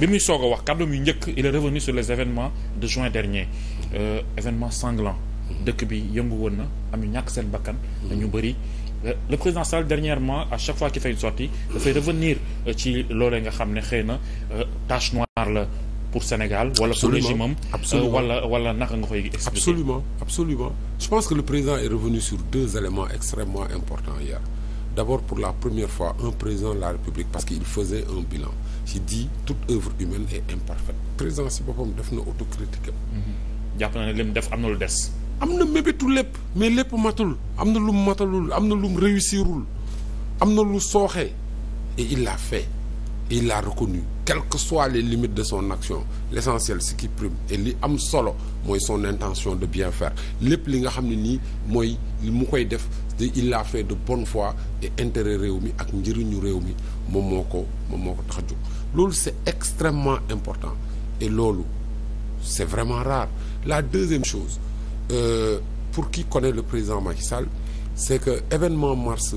bi muy soog a wax kàddoom yu njëkk il est revenu sur les événements de juin dernier euh, événement sanglant dëkk bi yëngu woon na am ñu ñàkk seen bakkan ñu bëri euh, le président Sall dernièrement à chaque fois qu'il fait une sortie dafay revenir euh, ci loolee nga xam ne xëy na euh, tâche noire la pour Sénégal wala pour régime am wala wala naka nga koy expliquer absolument absolument je pense que le président est revenu sur deux éléments extrêmement importants hier d'abord pour la première fois un président parce qu'il faisait un bilan qui dit toute œuvre humaine est imparfaite président si boppam def na autocritique mhm. jàpp naa ne lim def am na lu des. am na mébétu lépp mais lépp matul am na lu matalul am na lu réussirul am na lu sooxee et il fait et il l'a reconnu quelles que soient les limites de son action l'essentiel ce qui prime et li am solo mooy son intention de bien faire lépp li nga xam ne nii mooy mu koy def il l'a fait de bonne foi et intérêt réew mi ak njëriñu réew mi moom moo ko moom moo ko tax a jóg loolu c'est extrêmement important et loolu c'est vraiment rare la deuxième chose euh, pour qui connaît le président Macky Sall c'est que événement mars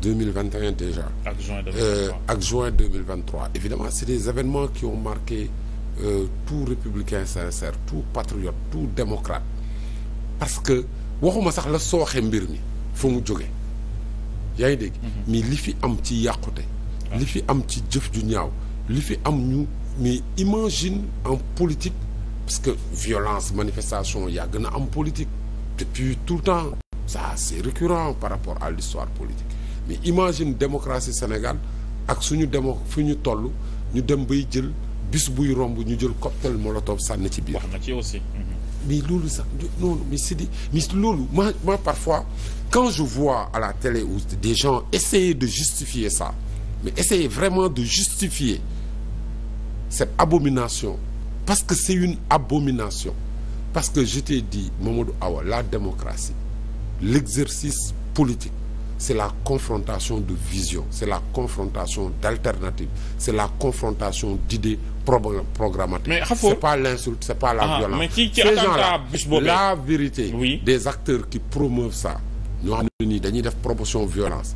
deux mille vingt et un déjà. ak juin deux mille euh, deux mille vingt trois évidemment c'est des événements qui ont marqué euh, tout républicain sincère tout patriote tout démocrate parce que waxuma sax la sooxe mbir mi fa mu jóge yaa ngi dégg. mi mhm. li fi am ci yàqute. li fi am ci jëf ju ñaaw li fi am ñu mais imagine en politique parce que violence manifestation yàgg na am politique depuis tout le temps ça c'est récurrent par rapport à l'histoire politique mais imagine démocratie Sénégal ak su ñu démo fu ñu toll ñu dem bay jël bis buy romb ñu jël cocktail molotov sànni ci biir. na ci aussi. Mhm. mais loolu sax noonu mais c'est mais loolu ma ma parfois quand je vois à la télé où des gens essayer de justifier ça mais essayer vraiment de justifier cette abomination parce que c'est une abomination parce que je t'ai dit Mamadou Awa la démocratie l'exercice politique c'est la confrontation de vision, c'est la confrontation d'alternatives, c'est la confrontation d'idées programmatiques. C'est pas l'insulte, c'est pas la ah, violence. Mais qui, qui Ces gens-là, la vérité oui. des acteurs qui promeuvent ça, nous avons une promotion violence.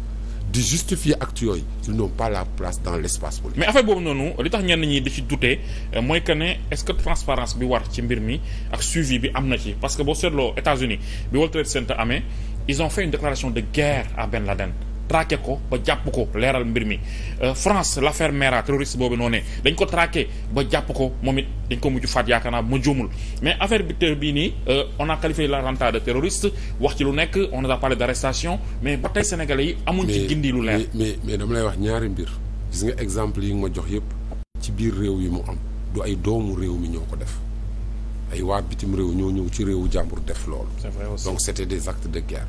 di justifier actes yooyu ils n'ont pas la place dans l'espace politique. mais affaire boobu noonu li tax ñenn ñi di ci douter euh, mooy que ne est-ce que transparence bi war ci mbir mi ak suivi bi am na ci parce que boo seetloo États-Unis bi World Trade amee. ils ont fait une déclaration de guerre à Ben Laden traqué ko ba jàpp ko leeral mbir mi euh, France l'affaire Mera terroriste boobu noonu dañ ko traqué ba jàpp ko moom it dañ ko mujj faat yaakaar naa ma juumul mais affaire bi tër bii nii euh, on a qualifié l'attentat de terroriste wax ci lu nekk on a parlé d'arrestation mais ba tey sénégalais yi amuñ ci gindi lu leer mais mais dama lay wax ñaari mbir gis nga exemple yi nga ma jox yépp ci biir réew yi mu am du ay doomu réew mi ñoo ko def ay waa bitim réew ñoo ñëw ci réewu jàmbur def lool c'est vrai donc c'était des actes de guerre.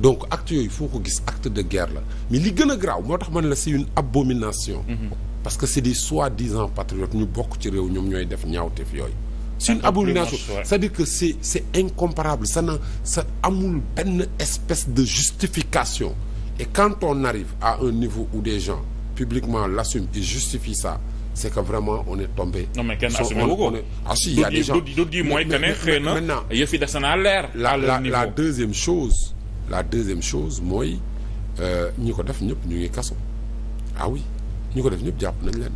donc actes yooyu foo ko gis acte de guerre la mais li gën a graaw moo tax man la si une abomination. Mm-hmm. parce que c'est des soi-disant patriotes ñu bokk ci réew ñoom ñooy def ñaawteef yooyu. c'est une abomination c'est-à-dire que c'est c'est incomparable ça na ça amul benn espèce de justification et quand on arrive à un niveau où des gens publiquement l'assument et justifient sa c' est que vraiment on est tombé. non mais kenn assumé wu ah, mooy que ne xëy na yëf yi des na la la la deuxième chose. la deuxième chose mooy euh, ñi ko def ñëpp ñu ngi kaso ah oui ñi ko def ñëpp jàpp nañ leen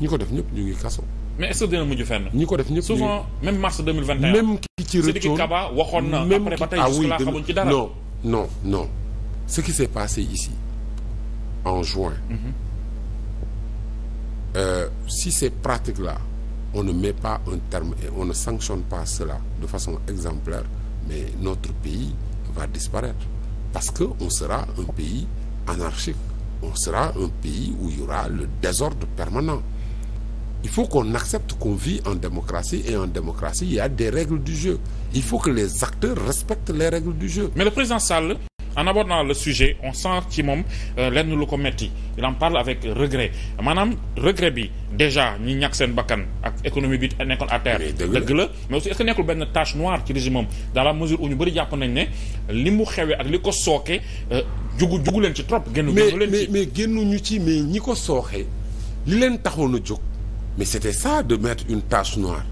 ñi ko def ñëpp ñu ngi kaso. mais est-ce que dina mujj fenn. ñi ko def ñëpp souvent même mars 2021. même ki ci rëccoon Kaba waxoon na après ba tey jusque-là xamuñ ci dara. non non non ce qui s'est passé ici en juin. Mhm. euh, si ces pratiques-là, on ne met pas un terme on ne sanctionne pas cela de façon exemplaire, mais notre pays va disparaître. Parce qu'on sera un pays anarchique. On sera un pays où il y aura le désordre permanent. Il faut qu'on accepte qu'on vit en démocratie et en démocratie, il y a des règles du jeu. Il faut que les acteurs respectent les règles du jeu. Mais le président Sall en abordant le sujet on sent ci moom euh, lenn lu ko metti il en parle avec regret maanaam regret bi déjà ñi ñàkk seen bakkan ak économie bi nekkoon à terre dëgg la mais aussi est-ce que nekkul benn tache noire ci régime am dans la mesure où ñu bëri jàpp nañ ne li mu xewee ak li ko sooke euh, jugu jugu leen ci trop génn génnu ñu ci mais ñi ko sooxe li leen taxoon a jóg mais c'était ça de mettre une tache noire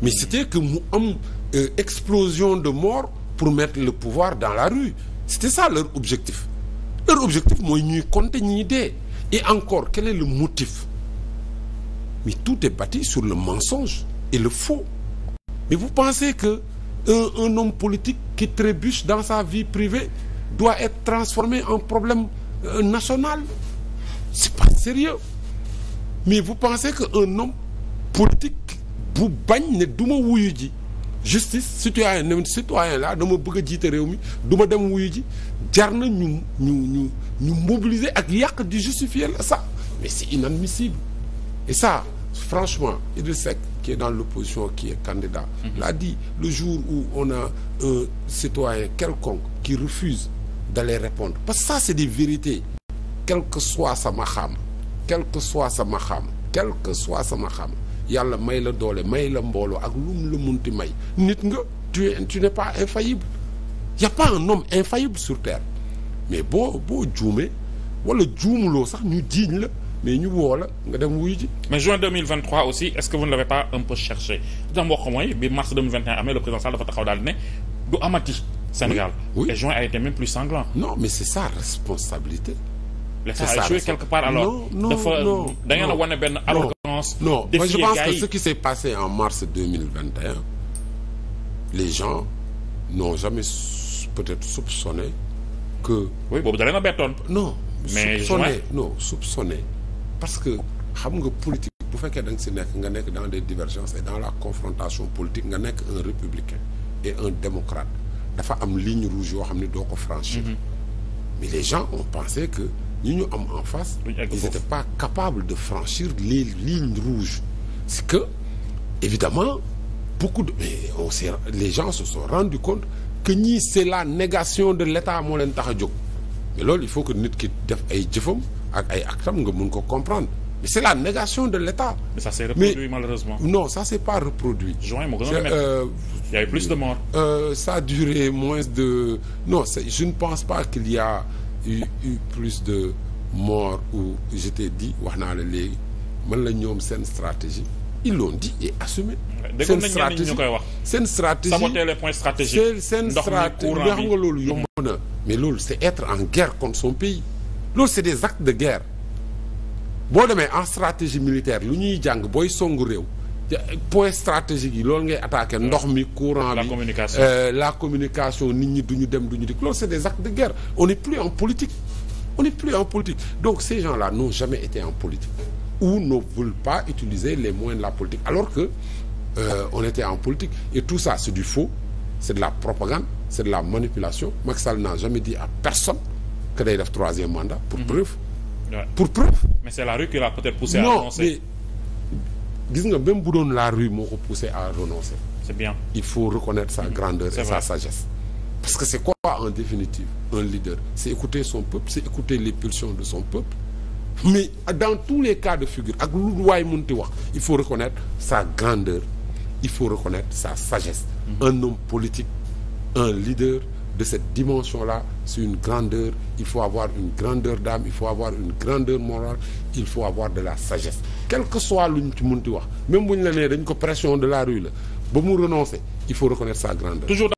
mais c'était que mu am euh, explosion de mort pour mettre le pouvoir dans la c'était ça leur objectif leur objectif mooy ñuy compter ni dee et encore quel est le motif mais tout est bâti sur le mensonge et le faux mais vous pensez que un un homme politique qui trébuche dans sa vie privée doit être transformé en problème euh, national c'est pas sérieux mais vous pensez que un homme politique bu bañ ne duma wuyu ji justice citoyen na citoyen la dama bëgg a jiite réew mi duma dem wuyu ji jar na ñu ñu ñu ñu mobiliser ak yàq di justifier la ça mais c'est inadmissible et ça franchement Idriss dans l'opposition qui est candidat mhm. l'a le jour où on a un citoyen quelconque qui refuse d'aller répondre parce que ça c'est des vérités quelque soit sama xam quelque soit sama xam quelque soit sama xam yàlla may la doole may la mbooloo ak lum la munti may nit nga tu es tu n'es pas infaillible y a pas un infaillible sur terre mais boo boo juumee wala loo sax ñu jiiñ la mais ñu woo la nga dem wuyu ji. mais juin 2023 aussi est-ce que vous ne l'avez pas un peu cherché li dafa taxaw daal ne du amati. Sénégal oui, oui. et juin a été même plus sanglant. non mais c'est sa responsabilité. c'est sa responsabilité quelque part alors. non non dafa a wane benn alors. séquence. non moi je pense que ce qui s'est passé en mars mille vingt et les gens n'ont jamais peut-être soupçonné que. oui boobu dana nga bettoon. non mais soupçonné non soupçonné parce que xam nga politique bu fekkee danga si nekk nga nekk dans des divergences et dans la confrontation politique nga nekk un républicain et un démocrate dafa am ligne rouge yoo xam ne doo ko franchir. Mm-hmm. mais les gens ont pensé que. ñi ñu am en face. ils n'étaient pas capables de franchir les lignes rouges. c'est que évidemment beaucoup de mais on les gens se sont rendus compte que ñii c'est la négation de l'État moo leen tax a jóg mais loolu il faut que nit ki def ay jëfam ak ay actam nga mun ko comprendre mais c'est la négation de l'État. mais ça s'est reproduit non ça s'est pas reproduit. juin moo gën a euh, il y a eu plus de morts. Euh, a duré moins de non c'est je ne pense pas qu'il y a. plus de morts ou je t'ai wax naa la léegi mën la ñoom seen stratégie ils l'ont dit et assumé. seen stratégie seen stratégie saboter les points stratégiques. seen stratégie mais xam nga loolu yomb na. mais loolu c'est être en guerre contre son pays loolu c'est des actes de guerre boo demee en stratégie militaire lu ñuy jàng booy songu réew. point stratégique yi loolu ngay attaqué ndox mi courant bi euh, la communication nit ñi du ñu dem du ñu dikk loolu c'est des actes de guerre on n'est plus en politique on n'est plus en politique donc ces gens-là n'ont jamais été en politique ou ne veulent pas utiliser les moyens de la politique alors que euh, on était en politique et tout ça c'est du faux c'est de la propagande c'est de la manipulation Macky Sall n'a jamais dit à personne que day def troisième mandat pour mm-hmm. la rue gis nga même bu doon la rue moo ko poussé à renoncer. c'est bien il faut reconnaître sa mm-hmm. grandeur et sa sagesse parce que c'est quoi en définitive un leader c'est écouter son peuple c'est écouter les pulsions de son peuple mais dans tous les cas de figure ak lu waay munti wax il faut reconnaître sa grandeur il faut reconnaître sa sagesse mm-hmm. un homme politique un leader de cette dimension-là, c'est une grandeur, il faut avoir une grandeur d'âme, il faut avoir une grandeur morale, il faut avoir de la sagesse. Quel que soit l'une même si on a une pression de la rue, si on renonce, il faut reconnaître sa grandeur.